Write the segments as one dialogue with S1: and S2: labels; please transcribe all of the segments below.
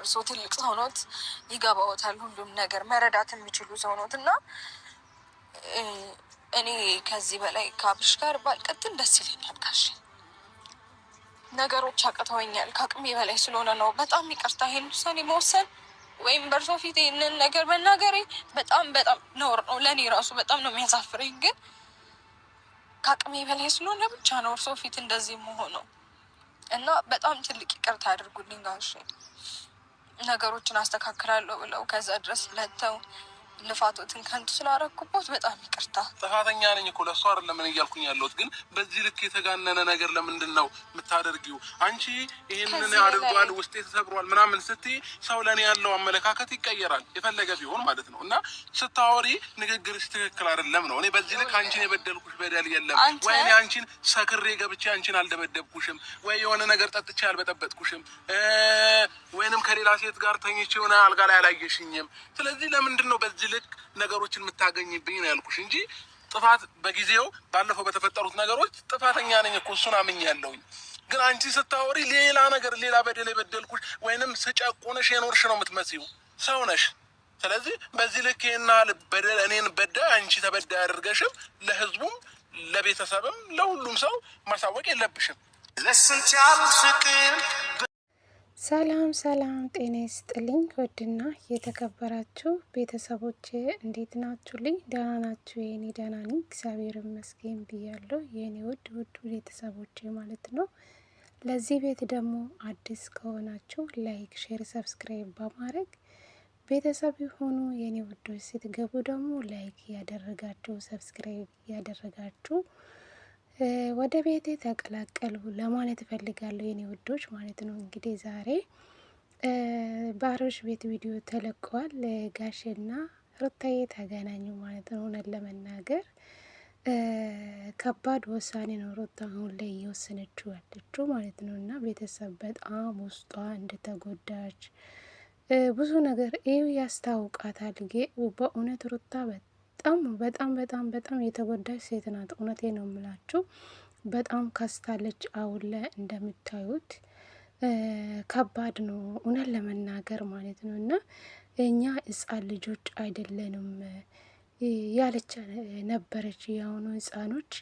S1: እርሶ ትልቅ ሰውኖት ይገባዎታል፣ ሁሉም ነገር መረዳት የሚችሉ ሰውኖት እና እኔ ከዚህ በላይ ከአብርሽ ጋር ባልቀጥል ደስ ይለኛል። ጋሽ ነገሮች አቅተወኛል፣ ከአቅሜ በላይ ስለሆነ ነው። በጣም ይቅርታ። ይሄን ውሳኔ መወሰን ወይም በእርሶ ፊት ይህንን ነገር መናገሬ በጣም በጣም ነውር ነው። ለእኔ ራሱ በጣም ነው የሚያሳፍረኝ፣ ግን ከአቅሜ በላይ ስለሆነ ብቻ ነው እርሶ ፊት እንደዚህ መሆነው እና በጣም ትልቅ ይቅርታ አድርጉልኝ ጋሽ ነገሮችን አስተካክላለሁ ብለው ከዛ ድረስ ለተው ልፋቶትን ከንቱ ስላረኩበት በጣም ይቅርታ።
S2: ጥፋተኛ ነኝ እኮ ለእሷ ለምን እያልኩኝ ያለሁት ግን በዚህ ልክ የተጋነነ ነገር ለምንድን ነው የምታደርጊው? አንቺ ይህንን አድርጓል ውስጤ ተሰብሯል ምናምን ስትይ ሰው ለእኔ ያለው አመለካከት ይቀየራል፣ የፈለገ ቢሆን ማለት ነው። እና ስታወሪ ንግግርሽ ትክክል አይደለም ነው። እኔ በዚህ ልክ አንቺን የበደልኩሽ በደል የለም ወይ እኔ አንቺን ሰክሬ ገብቼ አንቺን አልደበደብኩሽም ወይ የሆነ ነገር ጠጥቼ አልበጠበጥኩሽም ወይንም ከሌላ ሴት ጋር ተኝቼ ሆነ አልጋ ላይ አላየሽኝም። ስለዚህ ለምንድን ነው በዚህ ልክ ነገሮችን የምታገኝብኝ ነው ያልኩሽ እንጂ ጥፋት በጊዜው ባለፈው በተፈጠሩት ነገሮች ጥፋተኛ ነኝ እኮ እሱን ያለውኝ ግን አንቺ ስታወሪ ሌላ ነገር ሌላ በደል የበደልኩሽ ወይንም ስጨቁነሽ የኖርሽ ነው የምትመሲው ሰው ነሽ። ስለዚህ በዚህ ልክ ይህና በደል እኔን በዳ አንቺ ተበዳ አድርገሽም ለህዝቡም ለቤተሰብም ለሁሉም ሰው ማሳወቅ የለብሽም። ለስንት
S3: ፍቅር ሰላም ሰላም፣ ጤና ይስጥልኝ ውድና የተከበራችሁ ቤተሰቦች እንዴት ናችሁልኝ? ደህና ናችሁ? የኔ ደህና ነኝ እግዚአብሔር ይመስገን ብያለሁ። የኔ ውድ ውድ ቤተሰቦች ማለት ነው። ለዚህ ቤት ደግሞ አዲስ ከሆናችሁ ላይክ፣ ሼር፣ ሰብስክራይብ በማድረግ ቤተሰብ የሆኑ የኔ ውዶች ስትገቡ ደግሞ ላይክ እያደረጋችሁ ሰብስክራይብ እያደረጋችሁ ወደ ቤቴ ተቀላቀሉ ለማለት እፈልጋለሁ የኔ ውዶች ማለት ነው። እንግዲህ ዛሬ ባህሮች ቤት ቪዲዮ ተለቀዋል ጋሼና ሩታዬ ተገናኙ ማለት ነው። እውነት ለመናገር ከባድ ውሳኔ ነው ሩታ አሁን ላይ እየወሰነችው ያለችው ማለት ነው እና ቤተሰብ በጣም ውስጧ እንደተጎዳች ብዙ ነገር ይህ ያስታውቃታል። በእውነት ሩታ በጣም በጣም በጣም በጣም የተጎዳች ሴት ናት። እውነቴ ነው የምላችሁ። በጣም ከስታለች። አሁን ላይ እንደምታዩት ከባድ ነው እውነት ለመናገር ማለት ነው። እና እኛ ሕፃን ልጆች አይደለንም ያለች ነበረች። የአሁኑ ሕፃኖች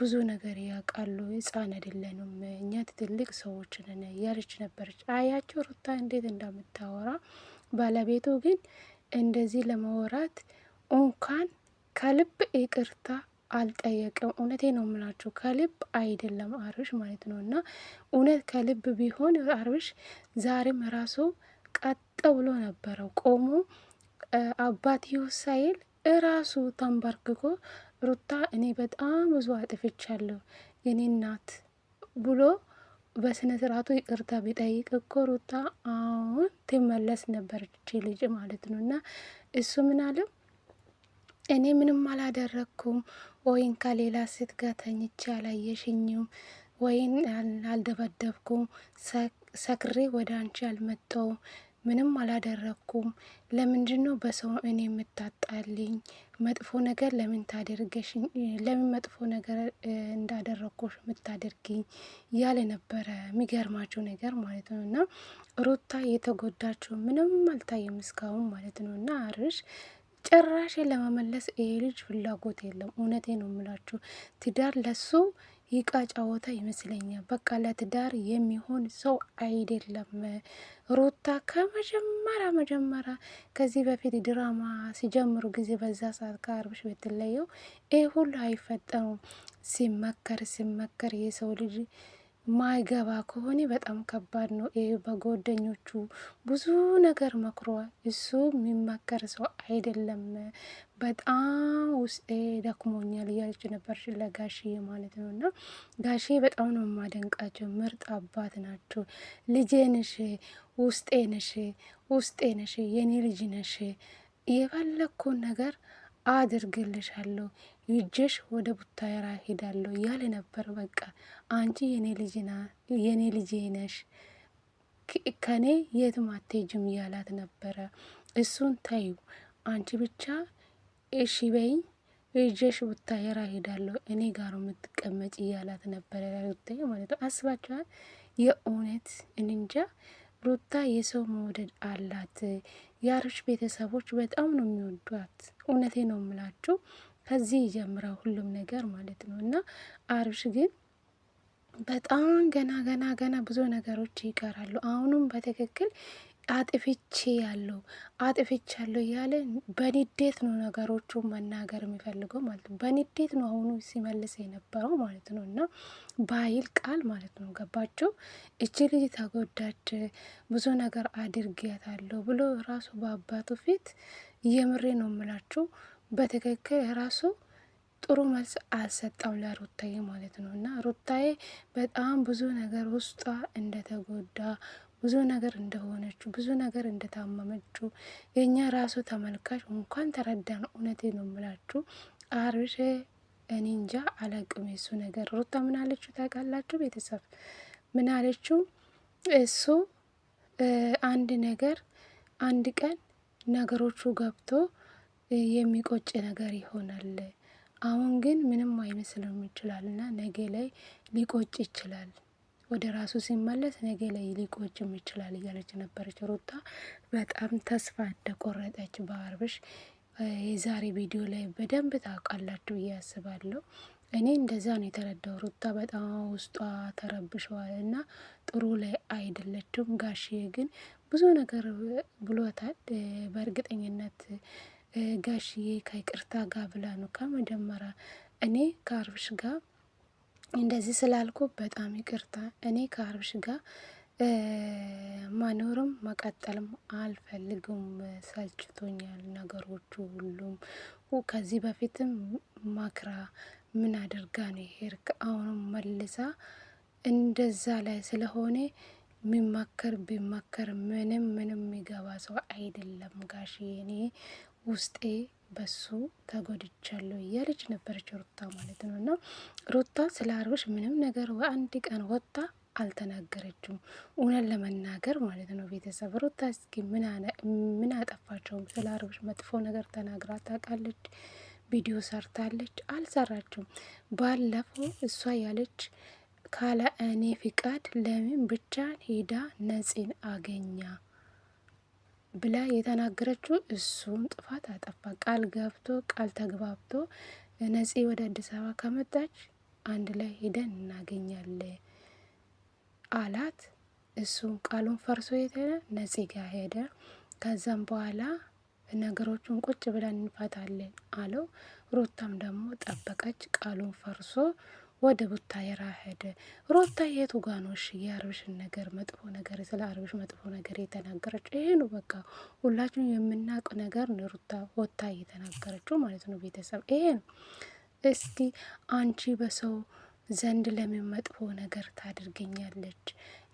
S3: ብዙ ነገር ያውቃሉ። ሕፃን አይደለንም እኛ ትልቅ ሰዎች ነን ያለች ነበረች። አያቸው ሩታ እንዴት እንደምታወራ ባለቤቱ ግን እንደዚህ ለመወራት እንኳን ከልብ ይቅርታ አልጠየቅም። እውነቴ ነው የምላችሁ ከልብ አይደለም አብርሽ ማለት ነው። እና እውነት ከልብ ቢሆን አብርሽ ዛሬም ራሱ ቀጥ ብሎ ነበረው ቆሞ አባትዮ ሳይል እራሱ ተንበርክኮ ሩታ እኔ በጣም ብዙ አጥፍቻለሁ የኔ እናት ብሎ በስነ ስርዓቱ ይቅርታ ቢጠይቅ እኮ ሩታ አሁን ትመለስ ነበረች ልጅ ማለት ነው እና እሱ ምን አለም እኔ ምንም አላደረግኩም፣ ወይን ከሌላ ሴት ጋር ተኝቼ አላየሽኝም፣ ወይን አልደበደብኩም፣ ሰክሬ ወደ አንቺ አልመጣሁም፣ ምንም አላደረግኩም። ለምንድን ነው በሰው እኔ የምታጣልኝ? መጥፎ ነገር ለምን ታደርገሽ? ለምን መጥፎ ነገር እንዳደረግኩሽ የምታደርግኝ? ያለ ነበረ። የሚገርማቸው ነገር ማለት ነው እና ሩታ የተጎዳችው ምንም አልታየም እስካሁን ማለት ነው እና አርሽ ጭራሽ ለመመለስ ይሄ ልጅ ፍላጎት የለም። እውነቴ ነው የምላችሁ። ትዳር ለሱ ይቃ ጫወታ ይመስለኛል። በቃ ለትዳር የሚሆን ሰው አይደለም። ሩታ ከመጀመሪያ መጀመሪያ ከዚህ በፊት ድራማ ሲጀምሩ ጊዜ በዛ ሰዓት ከአርብሽ ብትለየው ይህ ሁሉ አይፈጠኑም። ሲመከር ሲመከር የሰው ልጅ ማይገባ ከሆነ በጣም ከባድ ነው። ይህ በጓደኞቹ ብዙ ነገር መክሯል። እሱ የሚመከር ሰው አይደለም። በጣም ውስጤ ደክሞኛል እያለች ነበር ለጋሽዬ ማለት ነው። እና ጋሽዬ በጣም ነው የማደንቃቸው። ምርጥ አባት ናቸው። ልጄ ነሽ፣ ውስጤ ነሽ፣ ውስጤ ነሽ፣ የኔ ልጅ ነሽ የፈለግኩን ነገር አድርግልሻለሁ ይጀሽ ወደ ቡታየራ ሄዳለሁ ያለ ነበር። በቃ አንቺ የኔ ልጅ ነሽ ከኔ የትም አትሄጂም ያላት ነበረ። እሱን ታዩ አንቺ ብቻ እሺ በይኝ ይጀሽ ቡታየራ ሄዳለሁ እኔ ጋር የምትቀመጭ እያላት ነበረ ማለት ነው። አስባችኋል? የእውነት እንንጃ ሩታ የሰው መውደድ አላት። የአብርሽ ቤተሰቦች በጣም ነው የሚወዷት። እውነቴ ነው የምላችሁ ከዚህ ይጀምራል ሁሉም ነገር ማለት ነው እና አብርሽ ግን በጣም ገና ገና ገና ብዙ ነገሮች ይቀራሉ። አሁኑም በትክክል አጥፍቼ ያለው አጥፍቼ ያለው እያለ በንዴት ነው ነገሮቹ መናገር የሚፈልገው ማለት ነው። በንዴት ነው አሁኑ ሲመልስ የነበረው ማለት ነው። እና በኃይል ቃል ማለት ነው። ገባቸው እች ልጅ ተጎዳች፣ ብዙ ነገር አድርጊያታለሁ ብሎ ራሱ በአባቱ ፊት የምሬ ነው የምላችሁ በትክክል ራሱ ጥሩ መልስ አልሰጠም ለሩታዬ ማለት ነው። እና ሩታዬ በጣም ብዙ ነገር ውስጧ እንደተጎዳ ብዙ ነገር እንደሆነችው፣ ብዙ ነገር እንደታመመችው የእኛ ራሱ ተመልካች እንኳን ተረዳን። እውነቴ ነው ምላችሁ አብርሽ እኔ እንጃ አላቅም። የሱ ነገር ሩታ ምን አለችው ታውቃላችሁ? ቤተሰብ ምን አለችው? እሱ አንድ ነገር አንድ ቀን ነገሮቹ ገብቶ የሚቆጭ ነገር ይሆናል። አሁን ግን ምንም አይመስልም ይችላልና ነገ ላይ ሊቆጭ ይችላል። ወደ ራሱ ሲመለስ ነገ ላይ ሊቆጭም ይችላል እያለች ነበረች ሩታ። በጣም ተስፋ እንደቆረጠች በአብርሽ የዛሬ ቪዲዮ ላይ በደንብ ታውቃላችሁ ብዬ አስባለሁ። እኔ እንደዛ ነው የተረዳው። ሩታ በጣም ውስጧ ተረብሸዋል እና ጥሩ ላይ አይደለችም። ጋሽዬ ግን ብዙ ነገር ብሎታል። በእርግጠኝነት ጋሽዬ ከይቅርታ ጋር ብላ ነው ከመጀመሪያ እኔ ከአብርሽ ጋር እንደዚህ ስላልኩ በጣም ይቅርታ። እኔ ከአብርሽ ጋር መኖርም መቀጠልም አልፈልግም። ሰልችቶኛል ነገሮቹ ሁሉም። ከዚህ በፊትም ማክራ ምን አድርጋ ነው ሄርክ? አሁንም መልሳ እንደዛ ላይ ስለሆነ ሚመከር ቢመከር ምንም ምንም የሚገባ ሰው አይደለም ጋሽ እኔ ውስጤ በሱ ተጎድቻለሁ እያለች ነበረች ሩታ ማለት ነው። እና ሩታ ስለ አብርሽ ምንም ነገር በአንድ ቀን ወጥታ አልተናገረችም። እውነት ለመናገር ማለት ነው ቤተሰብ ሩታ እስኪ ምን አጠፋቸውም? ስለ አብርሽ መጥፎ ነገር ተናግራ ታውቃለች? ቪዲዮ ሰርታለች? አልሰራችም። ባለፈው እሷ ያለች ካለ እኔ ፍቃድ ለምን ብቻን ሄዳ ነፂን አገኛ ብላ የተናገረችው እሱም ጥፋት አጠፋ። ቃል ገብቶ ቃል ተግባብቶ ነፂ ወደ አዲስ አበባ ከመጣች አንድ ላይ ሄደን እናገኛለን አላት። እሱም ቃሉን ፈርሶ የተለ ነፂ ጋር ሄደ። ከዛም በኋላ ነገሮቹን ቁጭ ብለን እንፈታለን አለው። ሩታም ደግሞ ጠበቀች ቃሉን ፈርሶ ወደ ቡታ የራ ሄደ። ሮታ የቱ ጋኖሽ የአርብሽን ነገር መጥፎ ነገር ስለ አርብሽ መጥፎ ነገር የተናገረች ይሄኑ በቃ ሁላችሁም የምናውቅ ነገር ሩታ ወታ እየተናገረችው ማለት ነው። ቤተሰብ ይሄ ነው። እስቲ አንቺ በሰው ዘንድ ለምን መጥፎ ነገር ታድርገኛለች?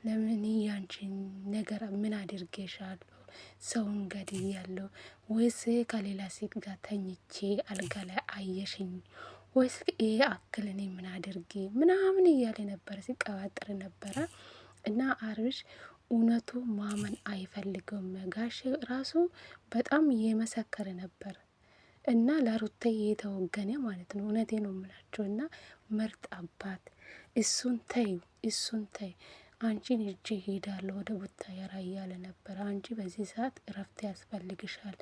S3: ለምን ያንቺን ነገር ምን አድርጌሻለሁ? ሰውን ገድያለሁ ወይስ ከሌላ ሴት ጋር ተኝቼ አልጋ ላይ አየሽኝ? ወይስ ይሄ አክል እኔ ምን አድርጌ ምናምን እያለ ነበር ሲቀባጥር ነበረ። እና አብርሽ እውነቱ ማመን አይፈልገውም። ጋሼ ራሱ በጣም የመሰከረ ነበር እና ለሩታ የተወገነ ማለት ነው። እውነቴ ነው የምላቸው እና ምርጥ አባት እሱን ተይ፣ እሱን ተይ አንቺን እጅ ሄዳለሁ ወደ ቡታ ያራ እያለ ነበር። አንቺ በዚህ ሰዓት እረፍት ያስፈልግሻል።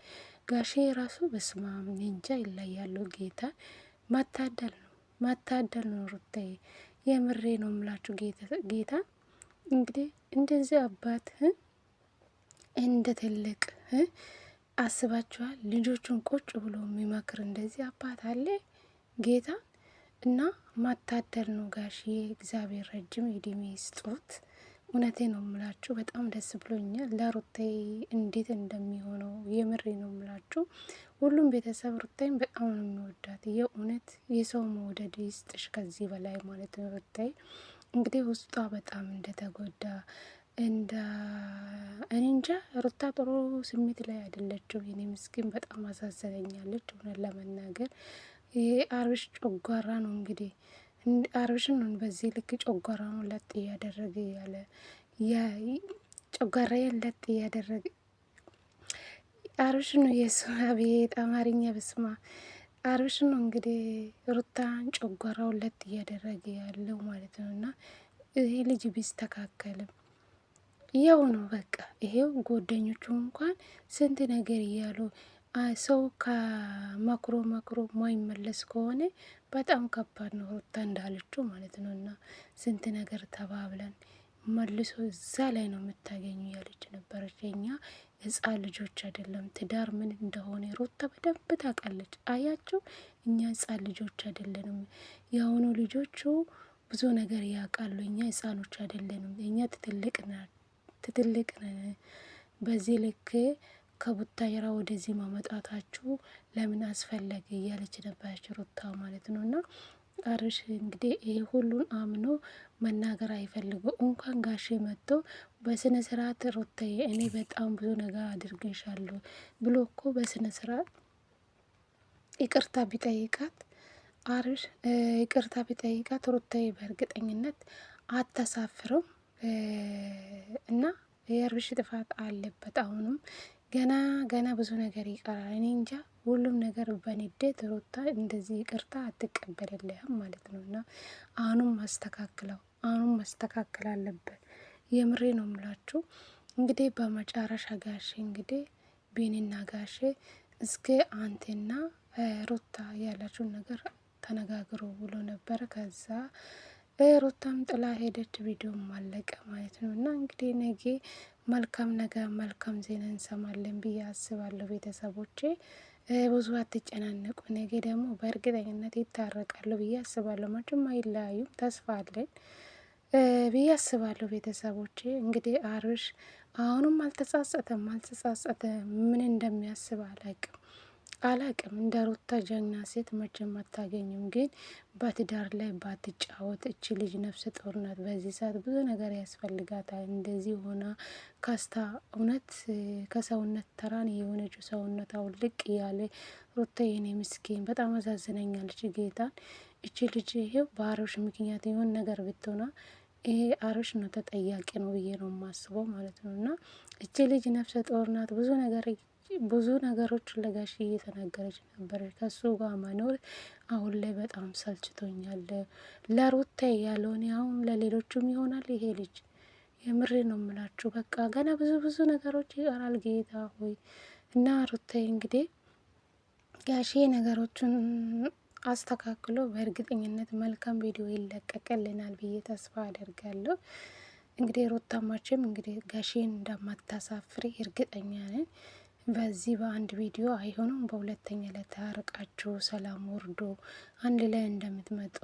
S3: ጋሼ ራሱ በስማም እንጃ ይለያሉ ጌታ ማታደል ነው ማታደል ነው ሩታዬ፣ የምሬ ነው የምላችሁ። ጌታ እንግዲህ እንደዚህ አባት እንደ ትልቅ አስባችኋል። ልጆቹን ቁጭ ብሎ የሚመክር እንደዚህ አባት አለ ጌታ እና ማታደል ነው ጋሽዬ። እግዚአብሔር ረጅም እድሜ ስጦት። እውነቴ ነው ምላችሁ፣ በጣም ደስ ብሎኛል ለሩቴ እንዴት እንደሚሆነው የምሬ ነው ምላችሁ። ሁሉም ቤተሰብ ሩታይን በጣም ነው የሚወዳት። የእውነት የሰው መውደድ ይስጥሽ ከዚህ በላይ ማለት ነው። ሩታይ እንግዲህ ውስጧ በጣም እንደተጎዳ እንደ እኔ እንጃ ሩታ ጥሩ ስሜት ላይ አይደለችው። የኔ ምስኪን በጣም አሳዘነኛለች እውነት ለመናገር ይሄ አብርሽ ጨጓራ ነው እንግዲህ አብርሽን ነው በዚህ ልክ ጨጓራውን ለጥ እያደረገ ያለ ጨጓራዬን ለጥ እያደረገ አብርሽ ነው የስማ ቤት አማርኛ በስማ አብርሽ ነው እንግዲህ ሩታን ጨጓራውን ለጥ እያደረገ ያለው ማለት ነው። እና ይሄ ልጅ ቢስተካከልም ያው ነው በቃ ይሄው ጓደኞቹ እንኳን ስንት ነገር እያሉ ሰው ከመክሮ መክሮ ማይመለስ ከሆነ በጣም ከባድ ነው። ሩታ እንዳለችው ማለት ነው። እና ስንት ነገር ተባብለን መልሶ እዛ ላይ ነው የምታገኙ ያለች ነበረች። የኛ ህፃን ልጆች አይደለም ትዳር ምን እንደሆነ ሩታ በደንብ ታውቃለች። አያችሁ እኛ ህፃን ልጆች አይደለንም። የአሁኑ ልጆቹ ብዙ ነገር ያውቃሉ። እኛ ህፃኖች አይደለንም። እኛ ትትልቅ ትትልቅ በዚህ ልክ ከቡታየራ ወደዚህ ማመጣታችሁ ለምን አስፈለገ እያለች ነበረች ሩታ ማለት ነው። እና አብርሽ እንግዲህ ይሄ ሁሉን አምኖ መናገር አይፈልገው። እንኳን ጋሼ መጥቶ በስነ ስርዓት ሩታዬ፣ እኔ በጣም ብዙ ነገር አድርገሻለሁ ብሎ እኮ በስነ ስርዓት ይቅርታ ቢጠይቃት አብርሽ ይቅርታ ቢጠይቃት ሩታዬ በእርግጠኝነት አታሳፍረው እና የአብርሽ ጥፋት አለበት አሁንም ገና ገና ብዙ ነገር ይቀራል። እኔ እንጃ ሁሉም ነገር በንዴት ሩታ እንደዚህ ይቅርታ አትቀበልልህም ማለት ነው። እና አሁኑም ማስተካክለው አሁኑም ማስተካከል አለበት። የምሬ ነው ምላችሁ። እንግዲህ በመጨረሻ ጋሼ እንግዲህ ቢኒና ጋሼ እስከ አንቴና ሩታ ያላችሁን ነገር ተነጋግሮ ብሎ ነበረ። ከዛ ሩታም ጥላ ሄደች። ቪዲዮም አለቀ ማለት ነው እና እንግዲህ ነጌ መልካም ነገር መልካም ዜና እንሰማለን ብዬ አስባለሁ። ቤተሰቦቼ ብዙ አትጨናነቁ። ነገ ደግሞ በእርግጠኝነት ይታረቃሉ ብዬ አስባለሁ። መቼም አይለያዩም ተስፋ አለን ብዬ አስባለሁ። ቤተሰቦቼ እንግዲህ አብርሽ አሁንም አልተጻጸተም አልተጻጸተም ምን እንደሚያስብ አላቅም። አላቅም እንደ ሩታ ጀግና ሴት መቼም አታገኝም። ግን በትዳር ላይ ባትጫወት እች ልጅ ነፍሰ ጡርናት በዚህ ሰዓት ብዙ ነገር ያስፈልጋታል። እንደዚህ ሆና ካስታ እውነት ከሰውነት ተራን የሆነች ሰውነት አውልቅ እያለ ሩታ የኔ ምስኪን በጣም አሳዝነኛለች። ጌታን እች ልጅ ይሄው በአብርሽ ምክንያት የሆን ነገር ብትሆና ይሄ አብርሽ ነው ተጠያቂ ነው ብዬ ነው የማስበው ማለት ነው። እና እች ልጅ ነፍሰ ጡርናት ብዙ ነገር ብዙ ነገሮች ለጋሽ እየተናገረች ነበር። ከሱ ጋር መኖር አሁን ላይ በጣም ሰልችቶኛል። ለሩታ ያለውን አሁን ለሌሎቹም ይሆናል ይሄ ልጅ። የምሬ ነው ምላችሁ በቃ ገና ብዙ ብዙ ነገሮች ይቀራል። ጌታ ሆይ እና ሩታ እንግዲህ ጋሼ ነገሮቹን አስተካክሎ በእርግጠኝነት መልካም ቪዲዮ ይለቀቅልናል ብዬ ተስፋ አደርጋለሁ። እንግዲህ ሩታማችም እንግዲህ ጋሼን እንደማታሳፍሪ እርግጠኛ ነን። በዚህ በአንድ ቪዲዮ አይሆኑም። በሁለተኛ ላይ ታርቃችሁ ሰላም ወርዶ አንድ ላይ እንደምትመጡ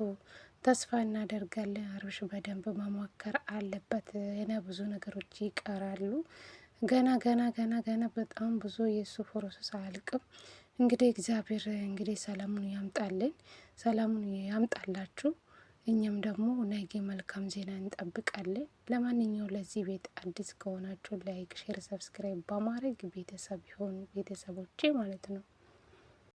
S3: ተስፋ እናደርጋለን። አብርሽ በደንብ መሞከር አለበት። ና ብዙ ነገሮች ይቀራሉ። ገና ገና ገና ገና በጣም ብዙ የእሱ ፕሮሰስ አያልቅም። እንግዲህ እግዚአብሔር እንግዲህ ሰላሙን ያምጣልን፣ ሰላሙን ያምጣላችሁ። እኛም ደግሞ ነገ መልካም ዜና እንጠብቃለን። ለማንኛውም ለዚህ ቤት አዲስ ከሆናችሁ ላይክ፣ ሼር፣ ሰብስክራይብ በማድረግ ቤተሰብ ይሆኑ ቤተሰቦቼ ማለት ነው።